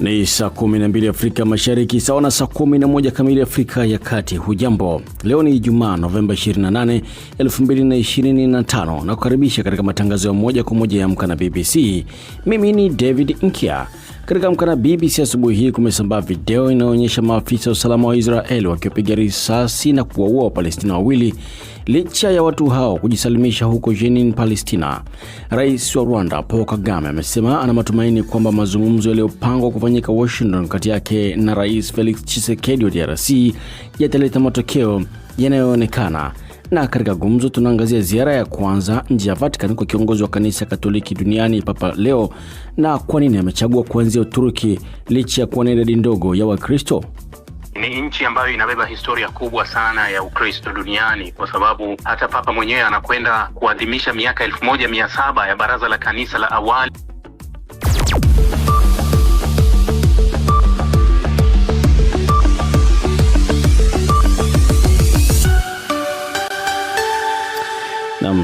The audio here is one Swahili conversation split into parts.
Ni saa 12 Afrika Mashariki, sawa na saa 11 kamili Afrika ya Kati. Hujambo, leo ni Ijumaa Novemba 28, 2025 na kukaribisha katika matangazo ya moja kwa moja ya Amka na BBC. Mimi ni David Nkia. Katika mkana BBC asubuhi hii kumesambaa video inayoonyesha maafisa wa usalama wa Israeli wakiwapiga risasi na kuwaua Wapalestina wawili licha ya watu hao kujisalimisha huko Jenin, Palestina. Rais wa Rwanda Paul Kagame amesema ana matumaini kwamba mazungumzo yaliyopangwa kufanyika Washington kati yake na Rais Felix Tshisekedi wa DRC yataleta matokeo yanayoonekana. Na katika gumzo tunaangazia ziara ya kwanza nje ya Vatican kwa kiongozi wa kanisa Katoliki duniani Papa Leo na kwa nini amechagua kuanzia Uturuki licha ya kuwa na idadi ndogo ya Wakristo. Ni nchi ambayo inabeba historia kubwa sana ya Ukristo duniani kwa sababu hata Papa mwenyewe anakwenda kuadhimisha miaka elfu moja mia saba ya baraza la kanisa la awali.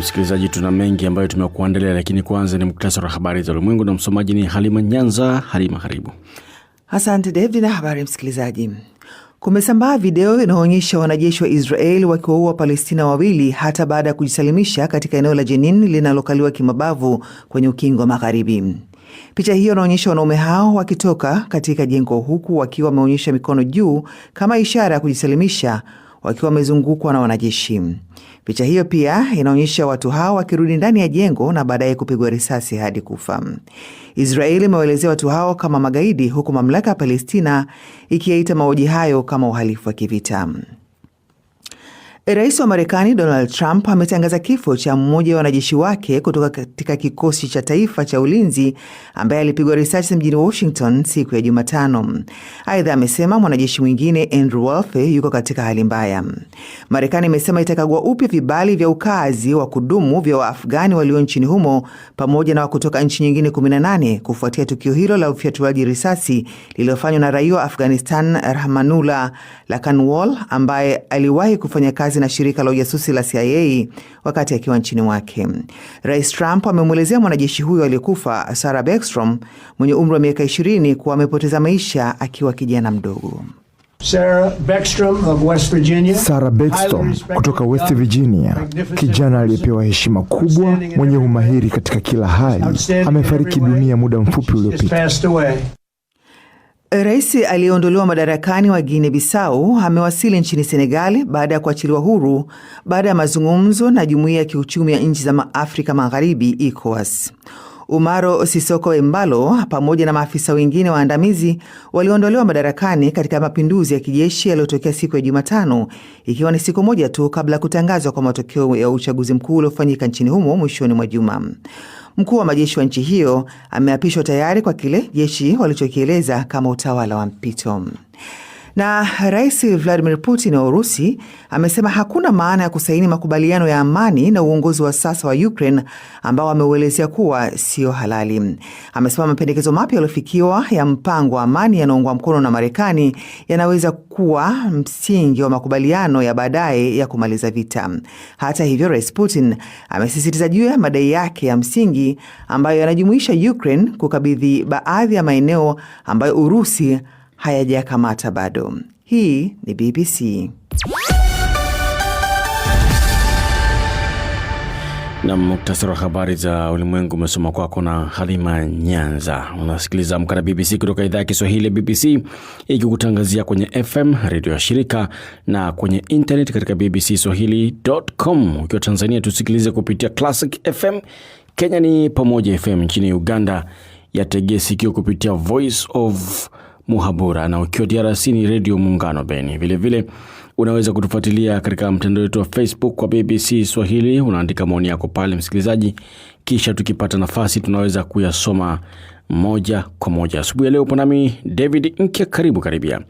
msikilizaji, tuna mengi ambayo tumekuandalia, lakini kwanza ni muktasari wa habari za ulimwengu na msomaji ni Halima Nyanza. Halima, karibu. Asante David na habari msikilizaji. Kumesambaa video inayoonyesha wanajeshi wa Israel wakiwaua Palestina wawili hata baada ya kujisalimisha katika eneo la Jenin linalokaliwa kimabavu kwenye ukingo wa Magharibi. Picha hiyo inaonyesha wanaume hao wakitoka katika jengo huku wakiwa wameonyesha mikono juu kama ishara ya kujisalimisha, wakiwa wamezungukwa na wanajeshi. Picha hiyo pia inaonyesha watu hao wakirudi ndani ya jengo na baadaye kupigwa risasi hadi kufa. Israeli imewaelezea watu hao kama magaidi, huku mamlaka ya Palestina ikiyaita mauaji hayo kama uhalifu wa kivita. Rais wa Marekani Donald Trump ametangaza kifo cha mmoja wa wanajeshi wake kutoka katika kikosi cha taifa cha ulinzi ambaye alipigwa risasi mjini Washington siku ya Jumatano. Aidha, amesema mwanajeshi mwingine Andrew Wolfe yuko katika hali mbaya. Marekani imesema itakagua upya vibali vya ukazi wa kudumu vya Waafghani walio nchini humo pamoja na wa kutoka nchi nyingine 18 kufuatia tukio hilo la ufyatuaji risasi lililofanywa na raia wa Afghanistan Rahmanullah Lakanwal ambaye aliwahi kufanya kazi kazi na shirika la ujasusi la CIA wakati akiwa nchini mwake. Rais Trump amemwelezea mwanajeshi huyo aliyekufa Sarah Beckstrom mwenye umri wa miaka 20 kuwa amepoteza maisha akiwa kijana mdogo. Sarah Sarah Beckstrom kutoka West Virginia, kijana aliyepewa heshima kubwa, mwenye umahiri katika kila hali, amefariki dunia muda mfupi uliopita. Rais aliyeondolewa madarakani wa Guinea Bissau amewasili nchini Senegali baada ya kuachiliwa huru baada ya mazungumzo na jumuiya ya kiuchumi ya nchi za Afrika Magharibi, ECOWAS. Umaro Sisoko Embalo pamoja na maafisa wengine waandamizi waliondolewa madarakani katika mapinduzi ya kijeshi yaliyotokea siku ya Jumatano, ikiwa ni siku moja tu kabla ya kutangazwa kwa matokeo ya uchaguzi mkuu uliofanyika nchini humo mwishoni mwa juma. Mkuu wa majeshi wa nchi hiyo ameapishwa tayari kwa kile jeshi walichokieleza kama utawala wa mpito. Na Rais Vladimir Putin wa Urusi amesema hakuna maana ya kusaini makubaliano ya amani na uongozi wa sasa wa Ukraine ambao ameuelezea kuwa sio halali. Amesema mapendekezo mapya yaliyofikiwa ya mpango wa amani yanaungwa mkono na Marekani yanaweza kuwa msingi wa makubaliano ya baadaye ya kumaliza vita. Hata hivyo, Rais Putin amesisitiza juu ya madai yake ya msingi ambayo yanajumuisha Ukraine kukabidhi baadhi ya maeneo ambayo Urusi hayajakamata bado. Hii ni BBC. na muktasari wa habari za ulimwengu umesoma kwako na Halima Nyanza. Unasikiliza Amka na BBC kutoka idhaa ya Kiswahili ya BBC ikikutangazia kwenye FM redio ya shirika na kwenye internet katika BBC Swahili.com. Ukiwa Tanzania tusikilize kupitia Classic FM, Kenya ni Pamoja FM, nchini Uganda yategee sikio kupitia Voice of Muhabura. Na ukiwa DRC ni Redio Muungano Beni. Vilevile unaweza kutufuatilia katika mtandao wetu wa Facebook kwa BBC Swahili. Unaandika maoni yako pale, msikilizaji, kisha tukipata nafasi tunaweza kuyasoma moja kwa moja. Asubuhi ya leo upo nami David Nkya, karibu karibia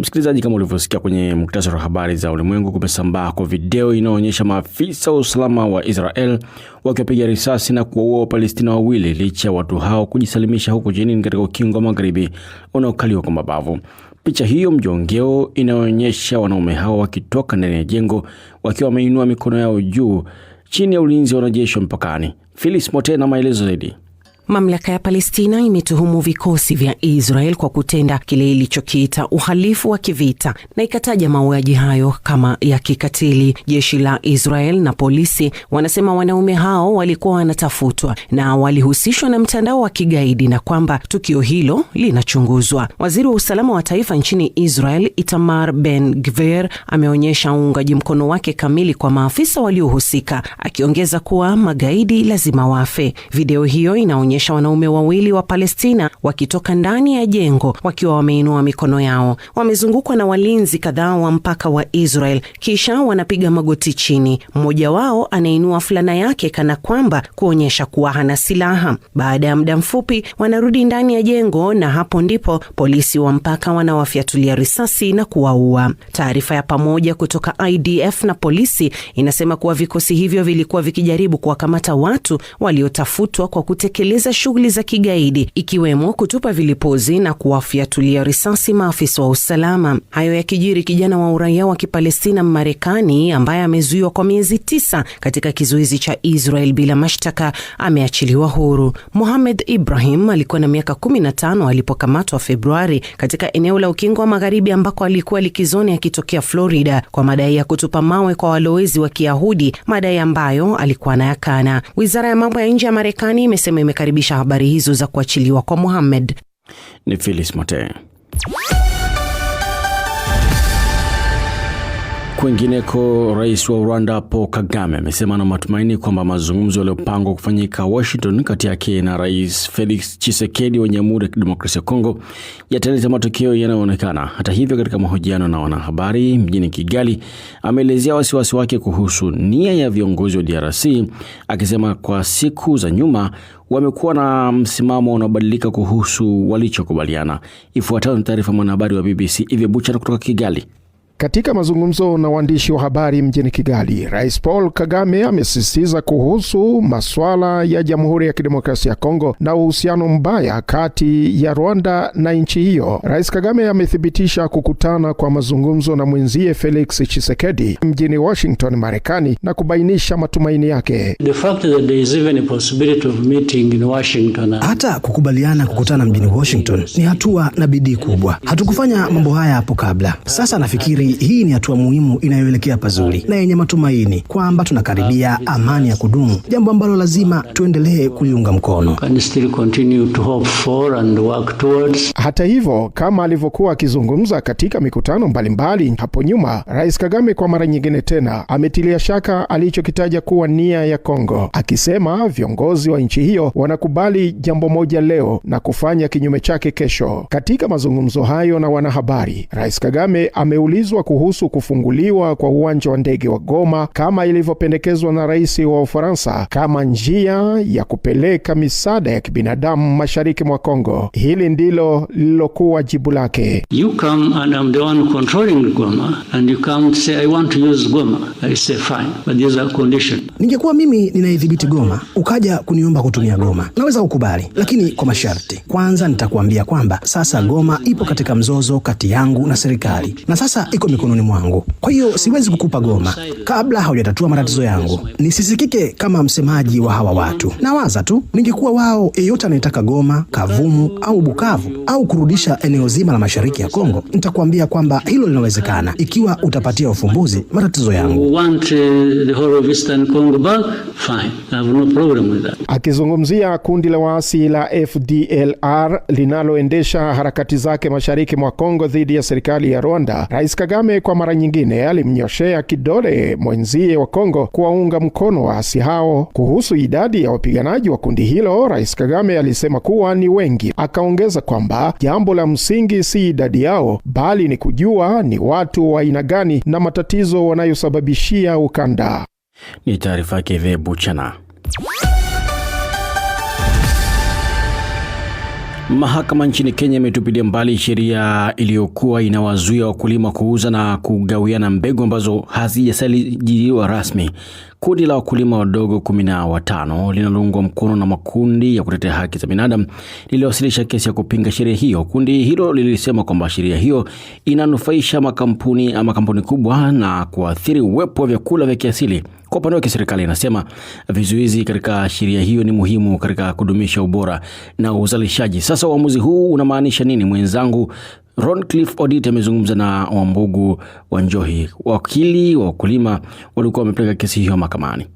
Msikilizaji, kama ulivyosikia kwenye muktasari wa habari za ulimwengu, kumesambaa kwa video inayoonyesha maafisa wa usalama wa Israel wakiwapiga risasi na kuwaua Wapalestina wawili licha ya watu hao kujisalimisha huko Jenin katika ukingo wa magharibi unaokaliwa kwa mabavu. Picha hiyo mjongeo inayoonyesha wanaume hao wakitoka ndani ya jengo wakiwa wameinua mikono yao juu chini ya ulinzi wa wanajeshi wa mpakani. Phyllis Mote na maelezo zaidi. Mamlaka ya Palestina imetuhumu vikosi vya Israel kwa kutenda kile ilichokiita uhalifu wa kivita na ikataja mauaji hayo kama ya kikatili. Jeshi la Israel na polisi wanasema wanaume hao walikuwa wanatafutwa na walihusishwa na mtandao wa kigaidi na kwamba tukio hilo linachunguzwa. Waziri wa usalama wa taifa nchini Israel Itamar Ben Gvir ameonyesha uungaji mkono wake kamili kwa maafisa waliohusika, akiongeza kuwa magaidi lazima wafe. Video hiyo inaonyesha inaonyesha wanaume wawili wa Palestina wakitoka ndani ya jengo wakiwa wameinua mikono yao. Wamezungukwa na walinzi kadhaa wa mpaka wa Israel, kisha wanapiga magoti chini. Mmoja wao anainua fulana yake kana kwamba kuonyesha kuwa hana silaha. Baada ya muda mfupi, wanarudi ndani ya jengo na hapo ndipo polisi wa mpaka wanawafyatulia risasi na kuwaua. Taarifa ya pamoja kutoka IDF na polisi inasema kuwa vikosi hivyo vilikuwa vikijaribu kuwakamata watu waliotafutwa kwa kutekeleza kutekeleza shughuli za kigaidi ikiwemo kutupa vilipuzi na kuwafyatulia risasi maafisa wa usalama. Hayo yakijiri, kijana wa uraia wa Kipalestina Mmarekani ambaye amezuiwa kwa miezi tisa katika kizuizi cha Israel bila mashtaka ameachiliwa huru. Mohamed Ibrahim alikuwa na miaka 15 alipokamatwa Februari katika eneo la Ukingo wa Magharibi ambako alikuwa likizoni akitokea Florida kwa madai ya kutupa mawe kwa walowezi wa Kiyahudi, madai ambayo alikuwa anayakana. Wizara ya mambo ya nje ya Marekani imesema imekari kukaribisha habari hizo za kuachiliwa kwa muhammed Ni philis Mote. Kwingineko, rais wa Rwanda Paul Kagame amesema na matumaini kwamba mazungumzo yaliyopangwa kufanyika Washington kati yake na rais Felix Tshisekedi wa Jamhuri ya Kidemokrasia ya Kongo yataleta matokeo yanayoonekana. Hata hivyo, katika mahojiano na wanahabari mjini Kigali, ameelezea wasiwasi wake kuhusu nia ya viongozi wa DRC akisema kwa siku za nyuma wamekuwa na msimamo unaobadilika kuhusu walichokubaliana. Ifuatayo ni taarifa mwanahabari wa BBC Ivy kutoka Kigali. Katika mazungumzo na waandishi wa habari mjini Kigali, Rais Paul Kagame amesisitiza kuhusu masuala ya Jamhuri ya Kidemokrasia ya Kongo na uhusiano mbaya kati ya Rwanda na nchi hiyo. Rais Kagame amethibitisha kukutana kwa mazungumzo na mwenzie Felix Tshisekedi mjini Washington, Marekani na kubainisha matumaini yake. The fact that there is even a possibility of meeting in Washington and... hata kukubaliana kukutana mjini Washington ni hatua na bidii kubwa. Hatukufanya mambo haya hapo kabla. Sasa nafikiri hii ni hatua muhimu inayoelekea pazuri na yenye matumaini kwamba tunakaribia amani ya kudumu, jambo ambalo lazima tuendelee kuliunga mkono. Hata hivyo, kama alivyokuwa akizungumza katika mikutano mbalimbali mbali hapo nyuma, Rais Kagame kwa mara nyingine tena ametilia shaka alichokitaja kuwa nia ya Kongo, akisema viongozi wa nchi hiyo wanakubali jambo moja leo na kufanya kinyume chake kesho. Katika mazungumzo hayo na wanahabari, Rais Kagame ameulizwa kujadiliwa kuhusu kufunguliwa kwa uwanja wa ndege wa Goma kama ilivyopendekezwa na rais wa Ufaransa kama njia ya kupeleka misaada ya kibinadamu mashariki mwa Kongo. Hili ndilo lililokuwa jibu lake. You come and I'm the one controlling Goma and you come to say I want to use Goma. I say fine but Ningekuwa mimi ninaidhibiti Goma, ukaja kuniomba kutumia Goma, naweza kukubali, lakini kwa masharti. Kwanza nitakuambia kwamba sasa Goma ipo katika mzozo kati yangu na serikali na sasa iko mikononi mwangu, kwa hiyo siwezi kukupa goma kabla haujatatua matatizo yangu. Nisisikike kama msemaji wa hawa watu. Nawaza tu ningekuwa wao, yeyote anayetaka Goma, Kavumu au Bukavu au kurudisha eneo zima la mashariki ya Kongo, nitakuambia kwamba hilo linawezekana ikiwa utapatia ufumbuzi matatizo yangu. Uh, Akizungumzia kundi la waasi la FDLR linaloendesha harakati zake mashariki mwa Kongo dhidi ya serikali ya Rwanda, Rais Kagame Kagame kwa mara nyingine alimnyoshea kidole mwenzie wa Kongo kuwaunga mkono waasi hao. Kuhusu idadi ya wapiganaji wa kundi hilo, Rais Kagame alisema kuwa ni wengi, akaongeza kwamba jambo la msingi si idadi yao, bali ni kujua ni watu wa aina gani na matatizo wanayosababishia ukanda. Ni taarifa yake Mahakama nchini Kenya imetupilia mbali sheria iliyokuwa inawazuia wakulima kuuza na kugawiana mbegu ambazo hazijasajiliwa rasmi. Kundi la wakulima wadogo kumi na watano linaloungwa mkono na makundi ya kutetea haki za binadamu liliwasilisha kesi ya kupinga sheria hiyo. Kundi hilo lilisema kwamba sheria hiyo inanufaisha makampuni ama kampuni kubwa na kuathiri uwepo wa vyakula vya kiasili. Kwa upande wake, serikali inasema vizuizi katika sheria hiyo ni muhimu katika kudumisha ubora na uzalishaji. Sasa uamuzi huu unamaanisha nini? Mwenzangu Roncliffe Odit amezungumza na Wambugu wa Njohi, wakili wa wakulima waliokuwa wamepeleka kesi hiyo mahakamani.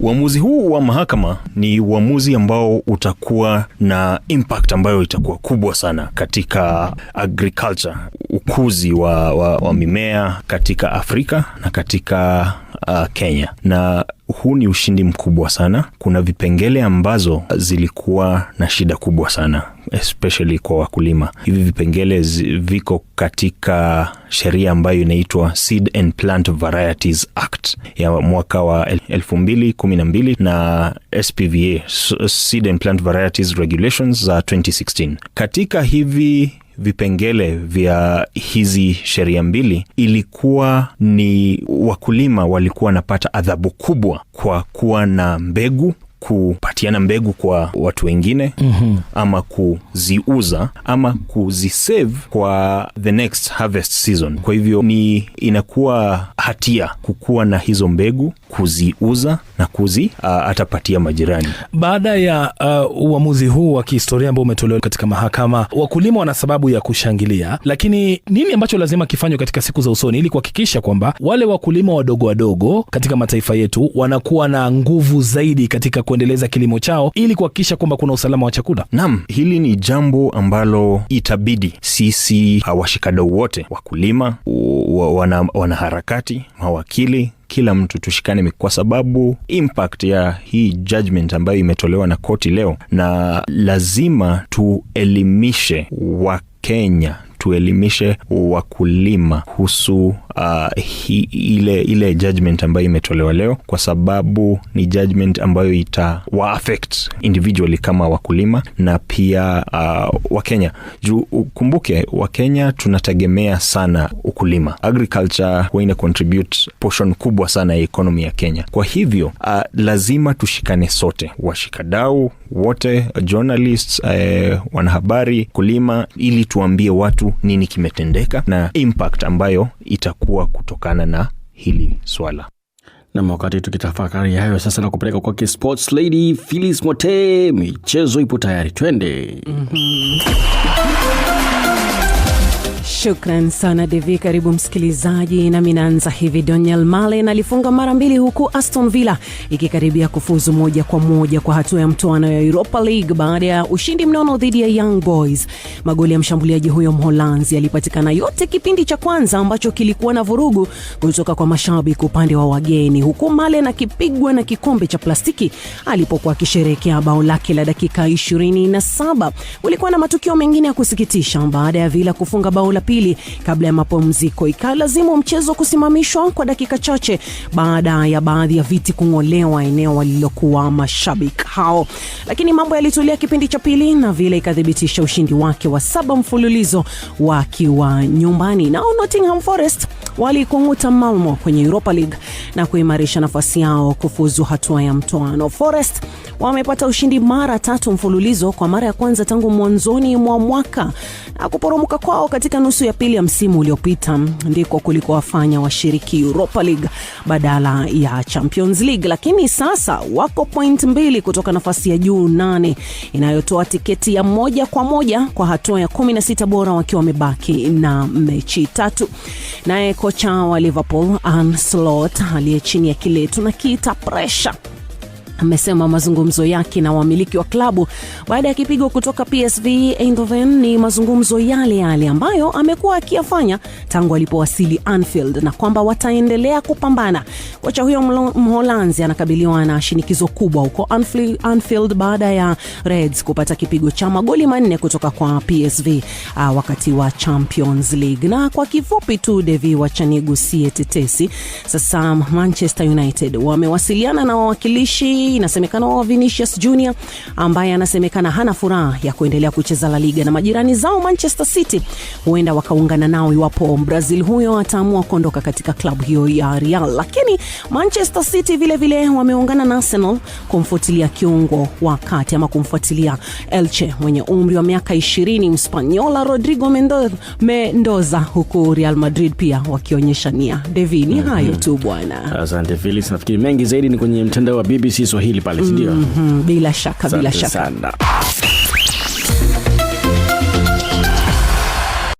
Uamuzi huu wa mahakama ni uamuzi ambao utakuwa na impact ambayo itakuwa kubwa sana katika agriculture, ukuzi wa, wa, wa mimea katika Afrika na katika uh, Kenya na huu ni ushindi mkubwa sana. Kuna vipengele ambazo zilikuwa na shida kubwa sana especially kwa wakulima. Hivi vipengele viko katika sheria ambayo inaitwa Seed and Plant Varieties Act ya mwaka wa 2012 na SPVA Seed and Plant Varieties Regulations za 2016. Katika hivi vipengele vya hizi sheria mbili ilikuwa ni wakulima walikuwa wanapata adhabu kubwa kwa kuwa na mbegu kupatiana mbegu kwa watu wengine mm -hmm. ama kuziuza ama kuzisave kwa the next harvest season. Kwa hivyo ni inakuwa hatia kukuwa na hizo mbegu, kuziuza na kuzi uh, atapatia majirani. Baada ya uh, uamuzi huu wa kihistoria ambao umetolewa katika mahakama, wakulima wana sababu ya kushangilia, lakini nini ambacho lazima kifanywe katika siku za usoni ili kuhakikisha kwamba wale wakulima wadogo wadogo katika mataifa yetu wanakuwa na nguvu zaidi katika kuendeleza kilimo chao ili kuhakikisha kwamba kuna usalama wa chakula. nam hili ni jambo ambalo itabidi sisi washikadau wote, wakulima, wana, wanaharakati, mawakili kila mtu tushikane, kwa sababu impact ya hii judgment ambayo imetolewa na koti leo, na lazima tuelimishe Wakenya, tuelimishe wakulima kuhusu uh, hi, ile, ile judgment ambayo imetolewa leo, kwa sababu ni judgment ambayo itawa affect individually kama wakulima na pia uh, Wakenya juu ukumbuke, Wakenya tunategemea sana ukulima. Agriculture huwa ina contribute portion kubwa sana ya ekonomi ya Kenya. Kwa hivyo uh, lazima tushikane sote, washikadau wote, journalists, uh, wanahabari, kulima, ili tuambie watu nini kimetendeka na impact ambayo itakuwa kutokana na hili swala. Nam, wakati tukitafakari hayo sasa, na kupeleka kwake sports lady phillis Mote, michezo ipo tayari, twende. mm -hmm. Shukran sana Devi. Karibu msikilizaji, nami naanza hivi. Daniel Malen alifunga mara mbili, huku Aston Villa ikikaribia kufuzu moja kwa moja kwa hatua ya mtoano ya Europa League baada ya ushindi mnono dhidi ya Young Boys. Magoli ya mshambuliaji huyo Mholanzi yalipatikana yote kipindi cha kwanza ambacho kilikuwa na vurugu kutoka kwa mashabiki upande wa wageni, huku Malen akipigwa na kikombe cha plastiki alipokuwa akisherehekea bao lake la dakika 27. Kulikuwa na matukio mengine ya kusikitisha baada ya Villa kufunga bao la pili kabla ya mapumziko, ikalazimu mchezo kusimamishwa kwa dakika chache baada ya baadhi ya viti kung'olewa eneo walilokuwa mashabiki hao, lakini mambo yalitulia kipindi cha pili na vile ikathibitisha ushindi wake wa saba mfululizo wakiwa nyumbani. Nao Nottingham Forest walikung'uta Malmo kwenye Europa League na kuimarisha nafasi yao kufuzu hatua ya mtoano. Forest wamepata ushindi mara tatu mfululizo kwa mara ya kwanza tangu mwanzoni mwa mwaka, na kuporomoka kwao katika nusu ya pili ya msimu uliopita ndiko kulikowafanya washiriki Europa League badala ya Champions League, lakini sasa wako point mbili kutoka nafasi ya juu nane inayotoa tiketi ya moja kwa moja kwa hatua ya 16 bora wakiwa wamebaki na mechi tatu. Naye kocha wa Liverpool an Slot aliye chini ya kile tunakiita presha amesema mazungumzo yake na wamiliki wa klabu baada ya kipigo kutoka PSV Eindhoven ni mazungumzo yale yale ambayo amekuwa akiyafanya tangu alipowasili Anfield na kwamba wataendelea kupambana. Kocha huyo Mholanzi anakabiliwa na shinikizo kubwa huko Anfield baada ya Reds kupata kipigo cha magoli manne kutoka kwa PSV uh, ah, wakati wa Champions League. Na kwa kifupi tu, Devi, wacha tetesi sasa. Manchester United wamewasiliana na wawakilishi inasemekana wa Vinicius Junior ambaye anasemekana hana furaha ya kuendelea kucheza La Liga, na majirani zao Manchester City huenda wakaungana nao iwapo Brazil huyo ataamua kuondoka katika klabu hiyo ya Real. Lakini Manchester City vilevile wameungana na Arsenal kumfuatilia kiungo wa kati ama kumfuatilia Elche mwenye umri wa miaka 20 Mspanyola Rodrigo Mendoza, huku Real Madrid pia wakionyesha nia. Devi, ni hayo mhm. tu bwana. Asante Felix, nafikiri mengi zaidi ni kwenye mtandao wa BBC Swahili. Kiswahili pale, sindio? mm -hmm. bila shaka, bila shaka sana.